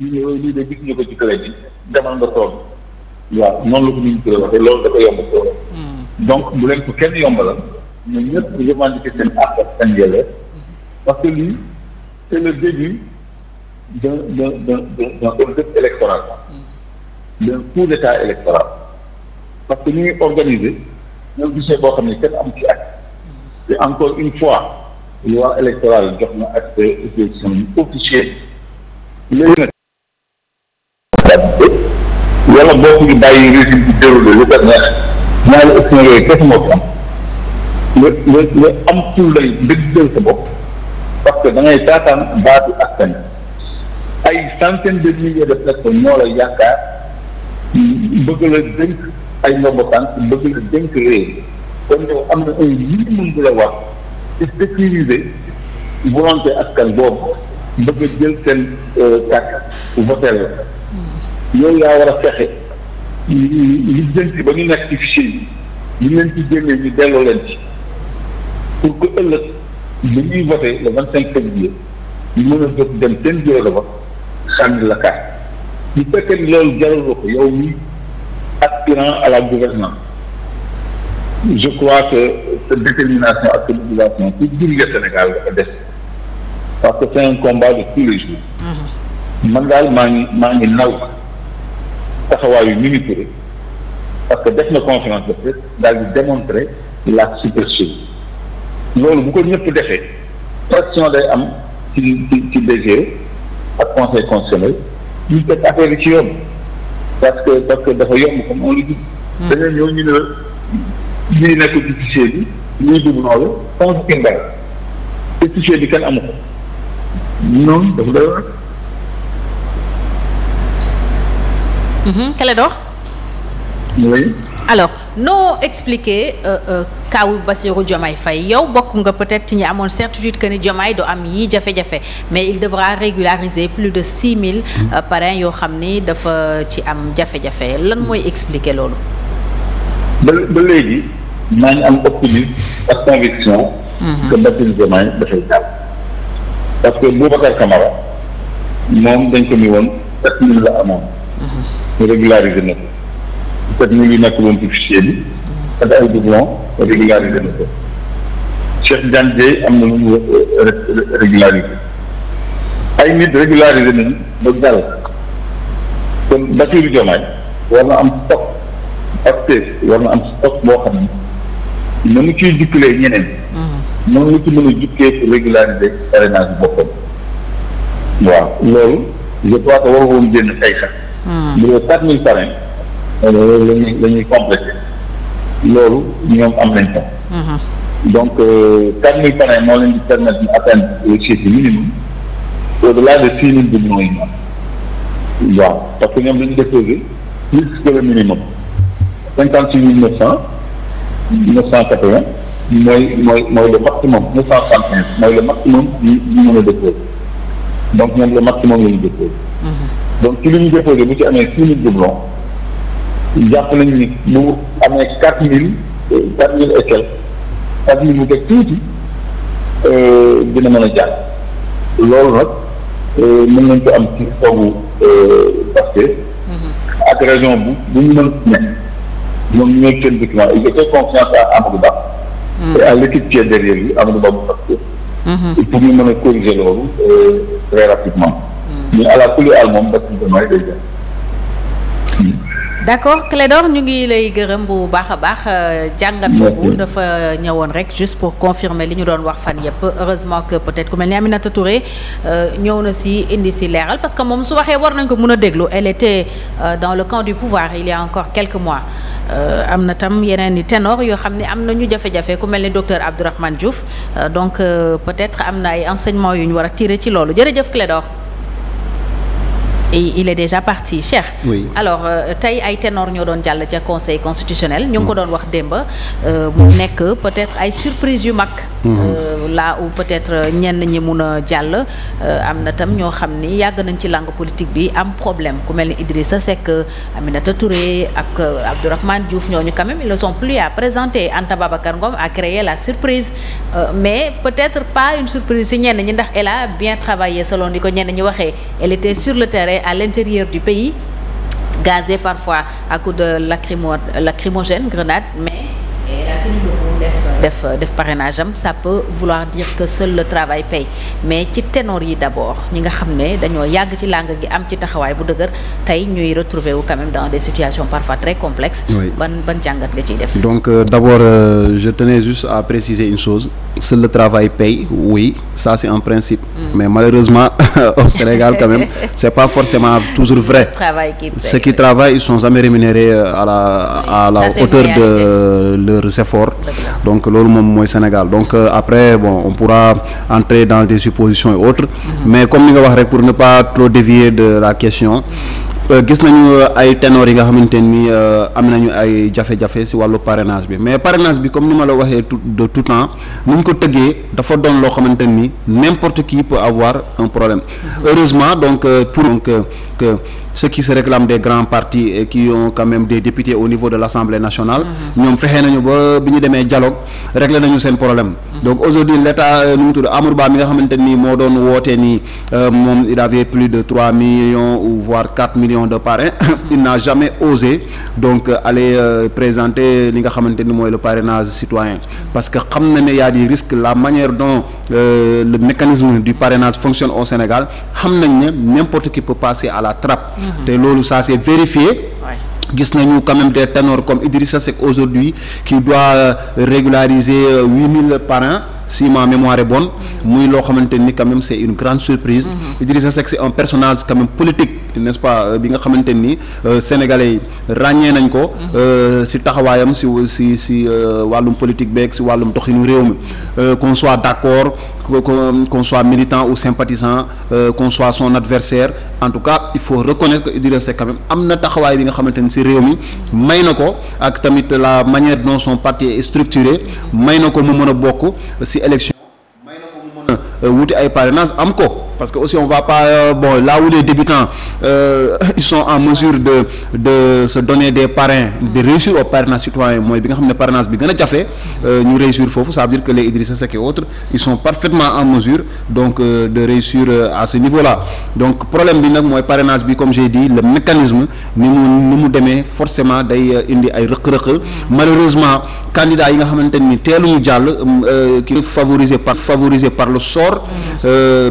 ñu ne lii de gis ñu ko ci crédit demal nga toog waaw noonu la ko ñu turee waxee loolu dafa yomb ko hmm. donc bu leen ko kenn yombalal ñun ñëpp revendiquer seen hmm. parce que lii c'est le début d'un hmm. d'un d'un parce que ñu ngi boo xam ne kenn am ci ak te encore une fois loi électorale jox na accès opposition yi wala bokk ñu bàyyi régime bi déroulé lu ko neex ñaari option yooyu kese moo fi am nga nga nga am ful lay dëggal sa bopp parce que da ngay taataan baatu askan ay centaine de milliers de personnes ñoo la yaakaar bëgg la dénk ay ndombo tànk bëgg la dénk réew kon yow am na un minimum bu la wax ci sécuriser volonté askan boobu bëgg a jël seen euh, carte voter la yow yaa war a fexe li jënti ba ñu nekk ci ñu leen ci génnee ñu delloo leen ci pour que ëllëg li ñuy voté le vingt cinq février ñu mën a jóg dem seen bureau de vote sànni la carte bu fekkee ni loolu jaraloo ko yow mi aspirant à la gouvernance je crois que sa détermination ak sa mobilisation pour diriger Sénégal dafa parce que c'est combat de tous les jours mm-hmm. man daal maa ngi maa ngi naw taxawaayu Mimi Touré parce que def na conférence de presse daal di démontrer la supercherie loolu bu ko ñëpp defee pression day am ci ci ci DG ak conseil constitutionnel ñu teg affaire yi ci yoon parce que parce que dafa yomb comme on le dit. Hmm. dañoo ñëw ñu ne nekk ci fichier bi ñuy dugg noonu convoqué mbay te fichier bi kenn am ko noonu dafa doy Clédor mhm. oui. alors noo expliquer euh, euh, kaw Bassirou Diomaye fay yow bokk nga peut-être ci ñi amoon certitude que ni Diomaye du am yi jafe-jafe mais il devra régulariser plus de six mille mhm. euh, parrains yoo xam ni dafa ci am jafe-jafe lan mooy explique loolu ba ba léegi maa ngi am optimisme ak conviction mhm. que Bassirou Diomaye dafay jàll parce que Boubacar Camara moom dañ ko ni woon sept mille la amoon ñu régulariser na ko peut ngi nekk woon ci fichier bi peut ay doublon régulariser na ko Cheikh Diagne Dieye am na lu mu euh, régulariser ay nit régulariser nañu ba dal kon Bassirou Diomaye war na am stock war na am stock boo xam ne mm-hmm. na mu ciy jukkilee ñeneen noonu la ci mën a jukkee pour régulariser parrainage boppam waaw loolu je crois que waru woon génn tey sax bu hmm. dee quatre mille parrain euh, lañuy la ñuy complété loolu ñoom am nañ ko hmm. donc euh, quatre mille parrain moo leen di permettre ñu atteindre le chiffre minimum au delà de six mille bi mooy am waaw parce que ñoom dañu déposé plus que le minimum cinquante six mille neuf cent neuf cent quatre vingt mooy mooy mooy le maximum neuf cent soixante quinze mooy le maximum ñu ñu mën a déposé donc ñoom le maximum la ñu déposé hmm. donc ci li ñu déposé bu ci amee six mille doublons jàpp nañu ni bu amee quatre mille quatre mille et quelques quatre mille mu teg tuuti euh, dina mën a jàll loolu nag euh, mën nañ ko am ci foogu euh, parce mhm. ak région bu bu ñu mën nekk ñoom ñooy seen document ils étaient confiance à Amadou Ba mhm. et à l'équipe qui est derrière lui Amadou Ba bu parce que pour ñu mën a corriger loolu très rapidement mais ala kulli al ñu ngi lay gërëm bu baax a baax euh, jàngat boobu dafa ñëwoon rek juste pour confirmer li ñu doon wax fan yëpp heureusement que peut-être ku mel ni Aminata Touré euh, ñëw na si indi si leeral parce que moom su waxee war nañ ko mën a déglu elle était euh, dans le camp du pouvoir il y encore quelque mois am na tam yeneen i ténor yoo xam ne am na ñu jafe-jafe ku mel ni docteur Abdourahmane Diouf donc peut-être am na ay enseignements yu ñu war a tirer ci loolu jërëjëf Clédor il est déjà parti Cheikh. oui alors euh, tey ay ténor ñoo doon jàll ca conseil constitutionnel. ñu ngi mm. ko doon wax démb. Euh, mu nekk peut-être ay surprise yu mag. Euh, là où peut-être ñenn ñi mun a jàll euh, am na tam ñoo xam ni yàgg nañ ci langue politique bi am problème ku mel ni Idrissa Seck Aminata Touré ak euh, Abdourahmane Diouf ñooñu quand même ils ne sont plus à présenter Anta Babacar Ngom a créé la surprise mais peut-être pas une surprise si ñenn ñi ndax elle a bien travaillé selon ni ko ñenn ñi waxee elle était sur le terrain à l'intérieur du pays gazée parfois à coups de lacrymo lacrymogène grenade mais def euh, def parrainage am ça peut vouloir dire que seul le travail paye mais ci ténor yi d'abord ñi nga xam ne dañoo yàgg ci làng gi am ci taxawaay bu dëgër tey ñuy retrouver wu quand dans des situations parfois très complexes ban ban jàngat nga ciy def donc euh, d'abord euh, je tenais juste à préciser une chose seul le travail paye oui ça c'est un principe mm. mais malheureusement au Sénégal quand même c'est pas forcément toujours vrai qui paye, ceux qui oui. travaillent ils sont jamais rémunérés euh, à la à la ça, hauteur de leurs efforts donc loolu moom mooy Sénégal donc euh, après bon on pourra entrer dans des suppositions et autres mm-hmm. mais comme ni nga wax rek pour ne pas trop dévier de la question euh, gis nañu euh, ay ténors yi nga xamante ni am nañu ay jafe-jafe ci wàllu parrainage bi mais parenage bi comme ni ma la waxee tout de tout temps ni ko tëggee dafa doon loo xamante ni n'importe qui peut avoir un problème mm-hmm. heureusement donc pour donc que ceux qui se réclament des grands partis et qui ont quand même des députés au niveau de l'Assemblée nationale mhm. ñoom fexe nañu ba bi ñu demee dialogue réglé nañu seen problème mhm. donc aujourd'hui l'état euh, nu mu tudd Amadou mi nga xamante moo doon wootee nii euh, moom il avait plus de trois millions ou voire quatre millions de parrains mhm. il n'a jamais osé donc euh, aller présenter li nga xamante ni mooy le parrainage citoyen parce que xam na ne y a des risques la manière dont euh, le mécanisme du parrainage fonctionne au Sénégal xam nañ ne n'importe qui peut passer à la trappe mhm. te loolu ça c'est vérifié ouais. gis nañu quand même des ténors comme Idrissa Seck aujourd'hui qui doit euh, régulariser euh, huit mille parrains si ma mémoire est muy loo xamante ni quand même c'est une grande surprise mm-hmm. Idrissa Seck c'est un personnage quand politique nest pas euh, bi nga xamante ni euh, sénégalais yi ràññee nañ ko mm-hmm. euh, si taxawaayam si si si wàllum politique beeg si wàllum doxinu réew mi qu'on soit d'accord qu'on soit militant ou sympathisant qu'on soit son adversaire en tout cas il faut reconnaître que Idrissa Seck quand même am na taxawaay bi nga xamante ni si réew mi may na ko ak tamit la manière dont son parti est may na ko mu mën a bokk élection may a euh, wuti ay parrainage am ko parce que aussi on va pas euh, bon là où les débutants euh, ils sont en mesure de de sa donner des parrains de réussir au parrainage citoyen mooy bi nga xam ne parrainage bi gën a jafe euh, ñu réussir foofu ça veut dire que les Idrissa Seck et autres ils sont parfaitement en mesure donc euh, de réussir euh, à ce niveau là donc problème bi nag mooy parrainage bi comme j'ai dit le mécanisme ni mu ni mu demee forcément day indi ay rëq-rëq malheureusement candidats yi nga xamante teelu mu jàll qui favorisé par favorisé par le sort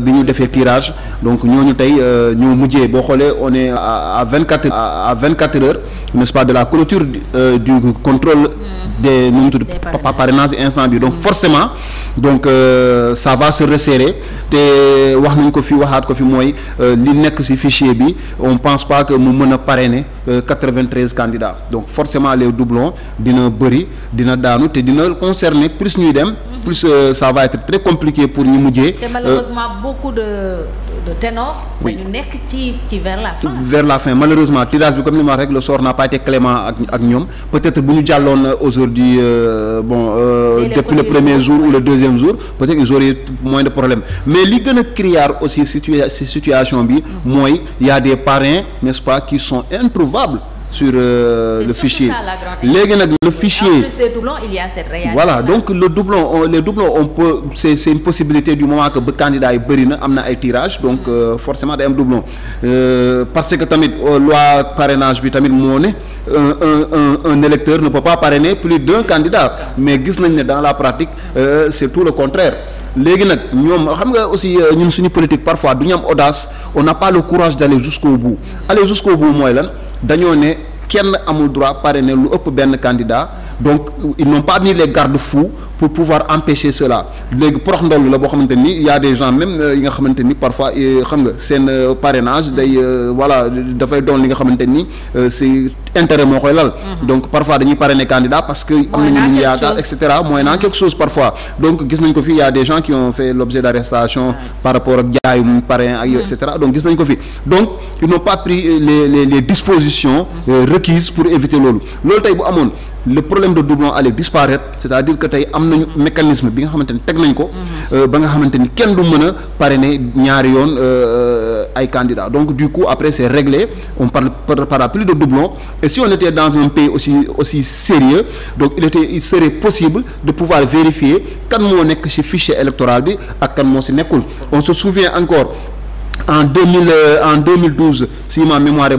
bi ñu defee tirage donc ñooñu tey euh, ñoo mujjee boo xoolee on est à vingt quatre à vingt quatre heures n'est-ce pas de la clôture euh, du contrôle mm. des nu mu tudd parrainage incendie donc mm. forcément donc euh, ça va se resserrer te wax nañ ko fi waxaat ko fi mooy euh, li nekk ci fichier bi on pense pas que mu mën a pare euh, quatre-vingt-treize candidats donc forcément les doublons dina bëri dina daanu te dina concerner plus ñuy dem mm. plus euh, ça va être très compliqué pour ñu mujjee de ténor. oui dañu nekk ci ci vers la fin. fin malheureusement tirage bi comme ni ma wax rek le sort n'a pas été clément ak ñoom peut-être bu ñu jàlloon euh, aujourd'hui euh, bon. Euh, depuis le premier jour ou le deuxième jour peut-être ils auraient moins de problème mais li gën a criard aussi situa situation bi. Mm. mooy y des parrains n'est-ce pas qui sont introuvables. sur euh, le fichier léegi nag le fichier en voilà donc le doublon on, les doublons on peut c'est c'est une possibilité du moment que ba candidat yi bëri na am na ay tirage donc mm-hmm. euh, forcément day am doublon euh, parce que tamit euh, loi parrainage bi tamit moo ne un un un électeur ne peut pas parrainer plus d'un candidat mais gis nañ ne dans la pratique euh, c'est tout le contraire léegi nag ñoom xam nga aussi ñun suñu politique parfois du ñu am audace on n'a pas le courage d'aller jusqu'au bout aller mooy lan dañoo ne kenn amul droit parrainer lu ëpp benn candidat donc ils n'ont pas mis les garde-fous pour pouvoir empêcher cela léegi prox ndoll la boo xamante ni y a des gens même euh, yi nga xamante ni parfois euh, xam nga seen euh, parrainage day voilà dafay doon li nga xamante ni c'est intérêt moo koy lal mhm. donc parfois dañuy parrainer candidat parce que am nañu lu ñu yaakaar et cetera mooy naa quelque chose parfois donc gis nañ ko fi y a des gens qui ont fait l'objet d'arrestation par rapport ak jaayum parrain ak yooyu et mhm. cetera donc gis nañ ko fi donc ils les les les dispositions requises pour éviter loolu loolu tey bu amoon le problème de doublon allait disparaître c'est-à-dire que tey am nañu mécanisme bi nga xamante ni teg nañ ko. Mhm. Euh, ba nga xamante ni kenn du mën a parrainer ñaari yoon euh, ay candidats donc du coup après c'est réglé on parle parlera plus de doublon et si on était dans un pays aussi aussi sérieux donc il était il serait possible de pouvoir vérifier kan moo nekk ci fichier électoral bi ak kan moo ci nekkul on se souvient encore. en euh, en 2012 si ma mémoire est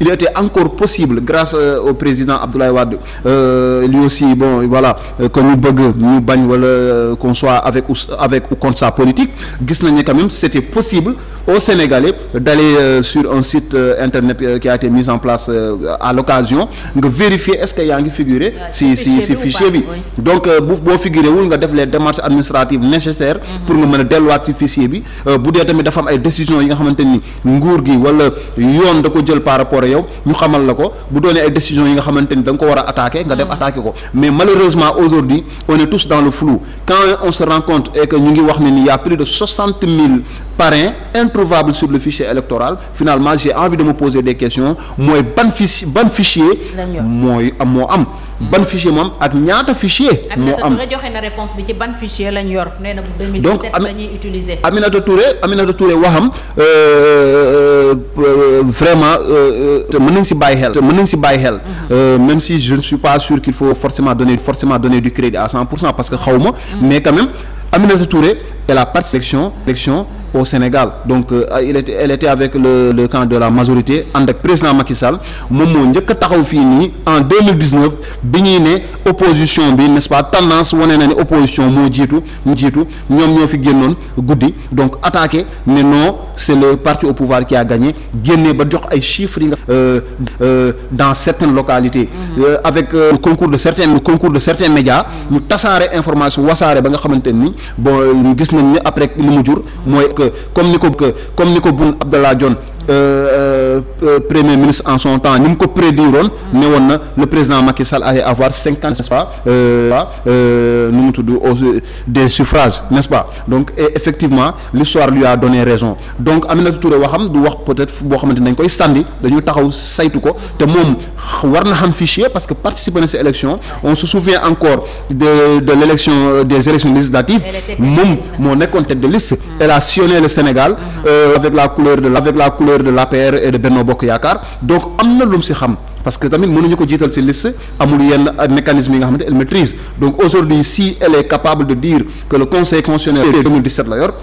il était encore possible grâce euh, au président Abdoulaye Wade euh, lui aussi bon voilà que ñu bëgg ñu bañ wala qu'on soit avec ou avec ou contre sa politique gis nañ ne quand même c'était possible aux Sénégalais d'aller sur un site internet qui a été mis en place à l'occasion nga vérifier est-ce que yaa ngi figure si si si fichier bi donc bu boo figurer wul nga def les démarches administratives nécessaires mhm. pour nga mën a delluwaat si fichier bi bu dee tamit dafa am yi nga xamante ni nguur gi wala yoon da ko jël par rapport ak yow ñu xamal la ko bu doonee ay décisions yi nga xamante ni da nga ko war a attaquer nga dem hmm. attaquer ko mais malheureusement aujourd'hui on est tous dans le flou quand on se rend compte que ñu ngi wax ne ni y a plus de soixante mille parrains introuvables sur le fichier électoral finalement j'ai envie de me poser des hmm. mooy ban fiche ban fichier mooy am moo am ban fichier moom ak ñaata fichier moo am Aminata Touré joxe na réponse bi ci ban fichier lañ yor na bu 2017 la ñuy utiliser donc Aminata Touré Aminata Touré waxam euh, euh, euh, vraiment te mën nañ si bàyyi xel te mën nañ si bàyyi xel mhm. même si je ne suis pas sûr qu'il faut forcément donner forcément donner du crédit à cent pour cent parce que xaw ma mhm. mais quand même Aminata Touré elle a participé élection élection au Sénégal donc euh, il était elle avec le le camp de la majorité ànd ak président Macky Sall moom moo njëkk a taxaw fii nii en 2019 bi ñuy ne opposition bi n'est-ce pas tendance wane na ne opposition moo jiitu mu jiitu ñoom ñoo fi génnoon guddi donc attaqué ne non c'est le parti au pouvoir qui a gagné génne ba jox ay chiffres yi nga euh, euh, dans certaines localité mm-hmm. avec euh, le concours de certains le concours de certains médias mm-hmm. ñu tasaare information wasaare ba nga xamante ni bon gis nañ ne après li mu jur mooy que comme ni ko que comme ni ko Boun Abdallah Dionne Euh, euh, euh, premier ministre en son temps ni mu ko prédiroon ne woon na le président Macky Sall allait avoir cinquante n'est-ce pas nu mu tudd au des suffrages n'est-ce pas donc et effectivement l'histoire lui a donné raison donc Aminata Touré waxam du wax peut-être boo xamante dañ koy sànni dañu taxaw saytu ko te moom war na xam fichier parce que participer na ces élections on se souvient encore de de l'élection des élections législatives moom moo nekkoon tête de liste elle a sillonné le Sénégal euh, leader de l'APR et de Benno Bokk Yaakaar donc am na lu si xam parce que tamit mënuñu ko jiital si liste amul yenn mécanisme yi nga xamante elle maîtrise donc aujourd'hui si elle est capable de dire que le conseil constitutionnel la yor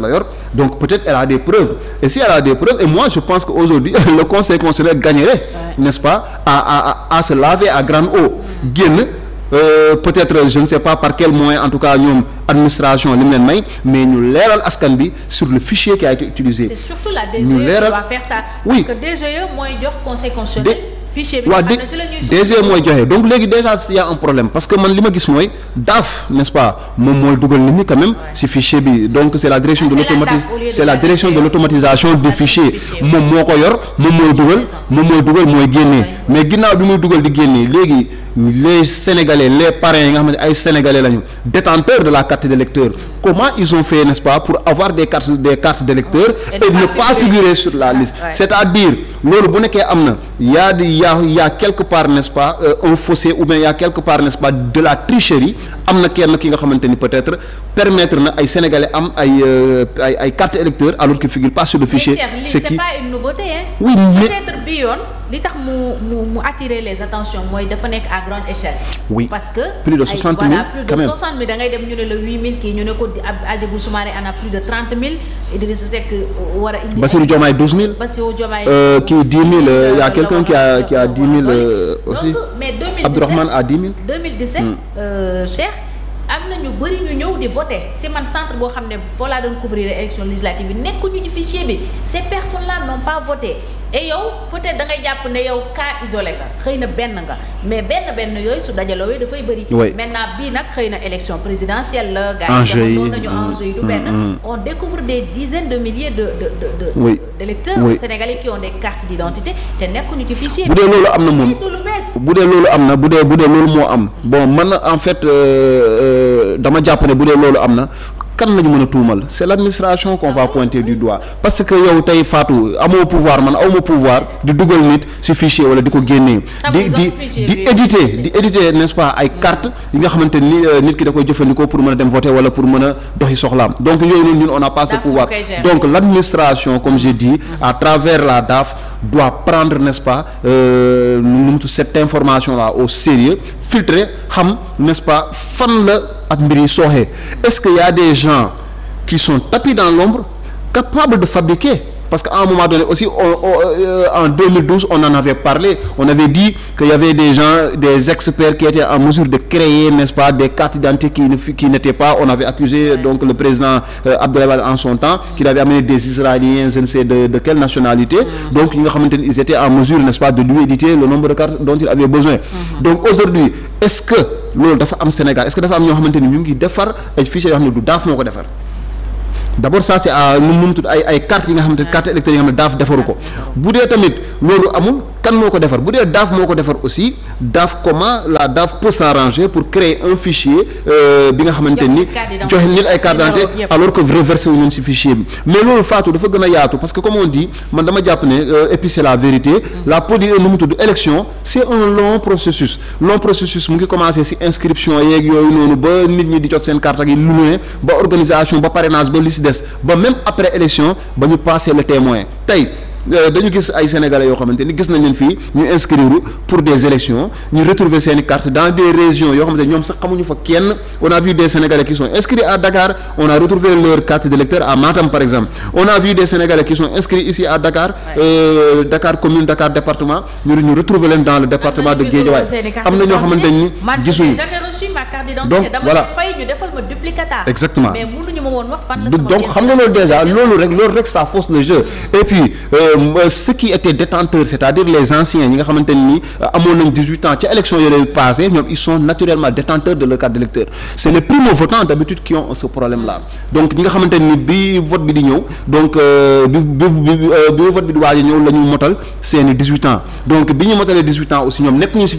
la yor donc peut-être elle a des preuves et si elle a des preuves et moi je pense que aujourd'hui le conseil constitutionnel gagnerait n'est-ce pas à à, à se laver à grande eau génn Euh, peut-être je ne sais pas par quel moyen en tout cas ñoom administration li mu leen may mais ñu leeral askan bi sur le fichier qui a été ñu e leeral doit faire ça. oui parce que DGE mooy jox conseil constitutionnel. fichier bi e mooy joxe donc léegi déjà y a un problème parce que man li ma gis mooy DAF n'est-ce pas moom mooy dugal nit ñi quand même si fichier bi donc c'est la direction ah, de l'automatisation c'est la direction de e. l'automatisation ah, du fichier moom moo ko yor moom mooy dugal moom mooy dugal mooy génnee mais ginnaaw bi muy dugal di génnee léegi. les sénégalais les parrains yi nga xamante ay sénégalais lañu détenteurs de la carte d'électeur comment ils ont fait n'est-ce pas pour avoir des cartes des cartes d'électeur et, et ne pas figurer sur la liste ouais. c'est-à-dire loolu bu nekkee am na y'a y'a y'a quelque part nest pas euh, un fossé ou bien y'a quelque part n'est-ce de la tricherie am na kenn ki nga xamante ni peut-être permettre na ay sénégalais am ay euh, ay ay carte électeur alors qu'ils figurent pas sur le fichier c'est qui oui li tax mu mu mu les attentions mooy dafa nekk à grande échelle. parce que plus de soixante mille plus de soixante mille ngay dem ñu ne la huit mille kii ñu ne ko Hadjibou Soumaré ana plus de trente mille Idrissa Seck war a indi. Bassirou Diomaye douze mille. Bassirou Diomaye euh, kii euh, a euh, quelqu'un qui a qui a dix mille. aussi Abdourahmane à dix mille. 2017 am na ñu bëri ñu ñëw di voter si man centre boo xam ne foo laa doon couvrir élection législative bi nekkuñu ci fichier bi ces personnes là n'ont pas voté et yow peut-être da jàpp ne yow cas isolé nga xëy na benn nga mais benn benn yooyu su dajaloowee dafay bëri. maintenant bii nag xëy na élection présidentielle la. enjeu yi gars yi nañu enjeu yi du mm, benn. Mm, mm. on découvre des dizaines de milliers de de de de. oui d'électeurs qui ont des cartes d'identité te nekkuñu ci fichier bi. bu dee loolu am na moom am na bu dee bu dee loolu moo am bon man en fait. Euh, euh dama jàpp ne bu dee loolu am na kan la ñu mën a tuumal c'est l'administration qu'on va pointer du doigt parce que yow tey Fatou amoo pouvoir man awma pouvoir di dugal nit ci fichier wala di ko génnee di di di éditer di éditer n'est-ce pas ay carte yi nga xamante ni euh, nit ki da koy jëfandikoo pour mën a dem voter wala pour mën a doxi soxlaam donc yooyu noonu ñun on n'a pas ce pouvoir donc l'administration comme j'ai dit à travers la DAF doit prendre n'est-ce pas euh, nu mu tudd cette information là au sérieux filtrer xam n'est-ce pas fan la ak mbir yi sooxee est-ce que y a des gens qui sont tapis dans l'ombre capables de fabriquer parce que un moment donné aussi on, on, euh, avait parlé on avait dit qu'il y avait des gens des experts qui étaient en mesure de créer n'est-ce pas des cartes d'identité qui ne pas on avait accusé donc le président euh, en son temps qu'il avait amené des Israéliens je de quelle nationalité donc ñi nga xamante ni ils en mesure n'est-ce pas de lui éditer le nombre de cartes dont il avait besoin mm-hmm. donc aujourd'hui est-ce que loolu dafa am Sénégal d' abord ça c' est à nu mu ay ay yi nga xam ne ah. carte électorale yi nga xam ne daaf defaru ko ah. bu dee tamit loolu amul kan moo ko defar bu dee DAF moo ko defar aussi DAF comment la DAF peut s'arranger pour créer un fichier euh, bi nga xamante ni joxe nit ay carte d'identité alors que reversé wu ñun ci fichier bi mais loolu faatu dafa gën a yaatu parce que comme on man dama jàpp ne euh, et la vérité mm. la poli nu mu tudd élection c'est un long processus long processus mu ngi commencé ci inscription yeeg yooyu noonu ba nit ñi di jot seen carte ak yi lu mu ne ba organisation ba parrainage ba li des ba même après élection ba ñu passer le témoin tey Euh, dañu gis ay sénégalais yoo xamante ni gis nañ leen fii ñu inscrire pour des élections ñu retrouver seen cartes dans des régions yoo xamante ni ñoom sax xamuñu fa kenn on a vu des sénégalais qui sont inscrits à Dakar on a retrouvé leur carte d'électeur à Matam ici à Dakar euh, Dakar commune Dakar département ñu ñu leen dans le département de Guédiawaye am na ñoo xamante ni gisuñu ma carte donc xam nga loolu déjà loolu rek loolu rek le jeu et puis euh, euh qui étaient détenteurs c'est-à-dire les anciens ñi nga xamante ni euh, amoon nañ dix-huit ans ci élection yooyu passé ñoom ils sont naturellement détenteurs de leur carte d'électeur c'est les primo-votants d'habitude qui ont ce problème là donc ñi nga xamante ni bi vote bi di ñëw donc euh, bi bi vote bi di waaj a ñëw la ñu motal seeni dix-huit ans donc bi ñu motalee dix-huit ans aussi ñoom nekk ñu ci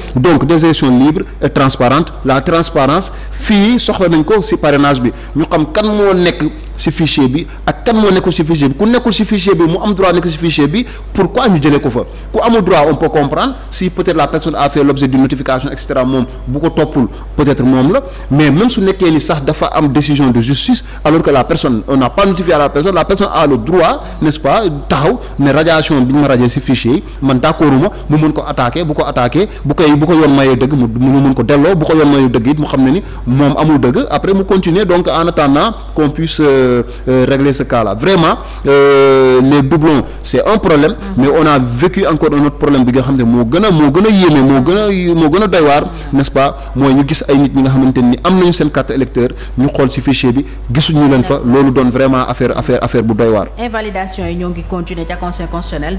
donc des élections libres et transparentes la transparence fii soxla nañ ko ci parrainage bi ñu xam kan moo nekk ci fichier bi ak kan moo nekkul ci fichier bi ku nekkul ci fichier bi mu am droit nekk ci fichier bi pourquoi ñu jëlee ko fa ku amul droit on peut comprendre si peut-être la personne a fait l'objet d'une notification et cetera moom bu ko toppul peut-être moom la mais même su nekkee ni sax dafa am décision de justice alors que la personne on n'a pas notifié la personne la personne a le droit n'est-ce pas taxaw ne radiation bi ñu ma radié ko attaquer bu ko attaquer tey bu ko yoon mayee dëgg mu mu mun ko delloo bu ko yoon mayee dëgg it mu xam ne ni moom amul dëgg après mu continuer donc en attendant qu'on euh, euh, régler ce cas vraiment euh, les doublons c'est un problème mm. mais on a vécu encore un autre problème bi nga xam ne moo gën a moo gën a yéeme moo gën a moo gën a doy waar nest pas mooy ñu gis ay nit ñi nga xamante ni am nañu seen carte électeur ñu xool ci fichier bi gisuñu leen fa loolu doon vraiment affaire affaire affaire bu doy waar. invalidation yi ñoo ngi continuer ca conseil constitutionnel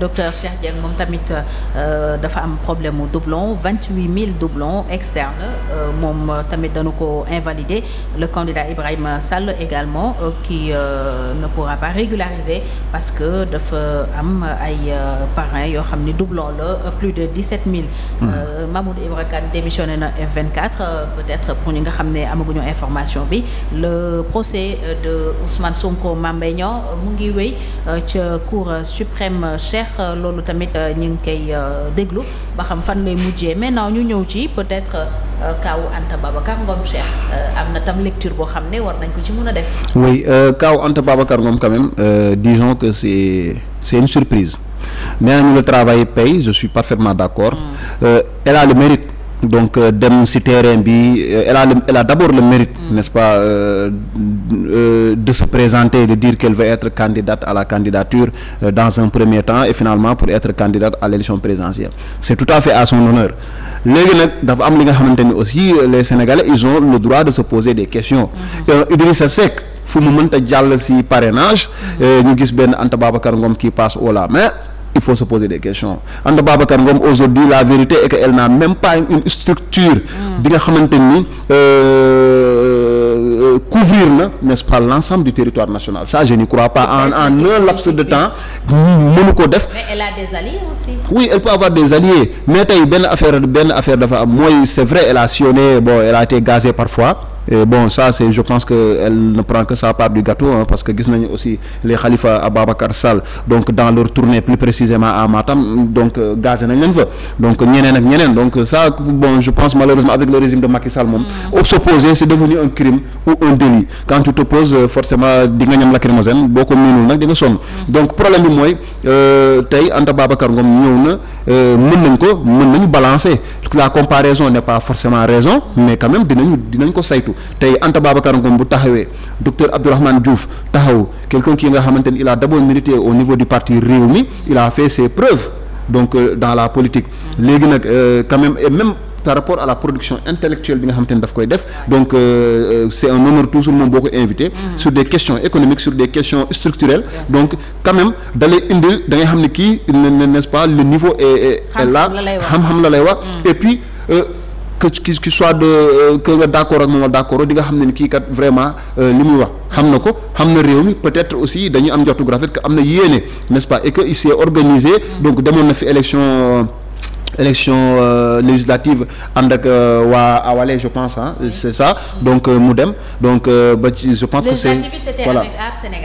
am problème mu doublon 28 000 doublons externes euh, moom tamit danu ko invalider le candidat Ibrahima Sall également euh, qui euh, ne pourra pas régulariser parce que dafa am ay parrains yoo xam ni doublon la plus de 17 000. Mahmoud Ibra Kane démissionné na F24 peut-être pour ñi nga xam ne amaguñu information bi le procès de Ousmane Sonko Mame Mbaye mu ngi wéy ca cour suprême Cheikh loolu tamit ñu ngi koy déglu. ba xam fan lay mujjee maintenant ñu ñëw ci peut-être euh, kaawu Anta Babacar Ngom Cheikh euh, am na tam lecture boo xam ne war nañ ko ci mun a def. oui euh, kaawu Anta Babacar Ngom quand même euh, disons que c'est c'est une surprise nee nañu le travail paye je suis parfaitement d'accord. Mm. a le mérite. donc euh, dem ci terrain bi elle euh, a elle a le mérite mm. n'est-ce pas euh, de se présenter de dire qu'elle va être candidate à la candidature dans un premier temps et finalement pour être candidate à l'élection présidentielle c'est tout à fait à son honneur léegi nag dafa am li nga xamante ni aussi les Sénégalais ils ont le droit de se poser des questions mm-hmm. Idrissa Seck fu mu mënta jàll ci parrainage mm-hmm. ñu gis benn Anta Babacar Ngom qui passe haut la il faut se poser des questions Anta Babacar Ngom aujourd'hui la vérité est qu'elle n'a même pas une structure bi nga xamante ni euh, euh, couvrir na n'est-ce pas l'ensemble du territoire national ça je n'y crois pas en en un de temps mënu ko def mais elle peut avoir des alliés mais tey benn affaire benn affaire dafa am mooy c'est vrai elle a sillonné bon elle a été gazée parfois Et bon ça c'est je pense que elle ne prend que sa part du gâteau parce que gis nañu aussi les Khalifa Ababacar Sall donc dans leur tournée plus précisément à Matam donc euh, gazé nañ leen fa donc ñeneen ak ñeneen donc ça bon je pense malheureusement avec le régime de Macky Sall moom mm. s'opposer c'est devenu un crime ou un délit quand tu t'opposes euh, forcément di nga ñam lacrymogène boo ko miinul nag di sonn mm. donc problème bi mooy euh, tey Anta Babacar Ngom ñëw na mën nañ ko mën nañu balancer la comparaison n'est pas forcément raison mais quand même dinañu dinañ ko saytu saytu tey Anta Babacar Ngom bu taxawee docteur Abdourahmane Diouf taxaw quelqu'un qui nga xamante il a d'abord milité au niveau du parti Rewmi il a fait ses preuves donc euh, dans la politique léegi nag euh, quand même même par rapport à la production intellectuelle bi nga xamante ni daf koy def donc euh, c'est un honneur toujours moom boo ko invité mm-hmm. sur des questions économiques sur des questions structurelles donc quand même dalay indil da xam ne kii n'est-ce pas que qui qui soit de euh, que nga d'accord ak moom d'accord di nga xam ne ni kii kat vraiment euh, li muy wax xam na ko xam na réew mi peut-être aussi dañuy am njortu gu rafet que am na yéene n'est-ce pas et que il s'est mm. donc demoon na fi élection euh, élection euh, législative ànd ak euh, waa Awalé je pense ah c'est ça donc euh, mu dem donc ba ci je pense que c'est voilà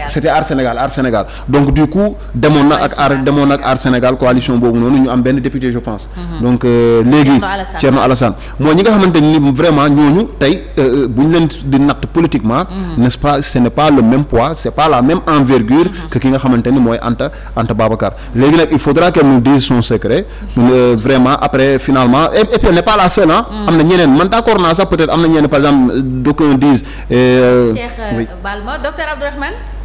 c'était Aar Sénégal Aar Sénégal donc du coup demoon na ak Aar demoon na ak Aar Sénégal coalition boobu noonu ñu am benn député je pense mhm. donc léegi Thierno Alassane mooy ñi nga xamante ni vraiment ñooñu tey bu ñu leen di natt politiquement mhm. n'est-ce pas ce n'est pas le même poids c'est pas la même envergure mhm. que ki nga xamante mooy Anta Anta Babacar léegi nag il faudra qu'elle vraiment après finalement et, pas la seule mm. am na ñeneen man d'accord naa peut-être am na ñeneen par exemple d'aucuns disent. Euh, Cheikh euh, Balma docteur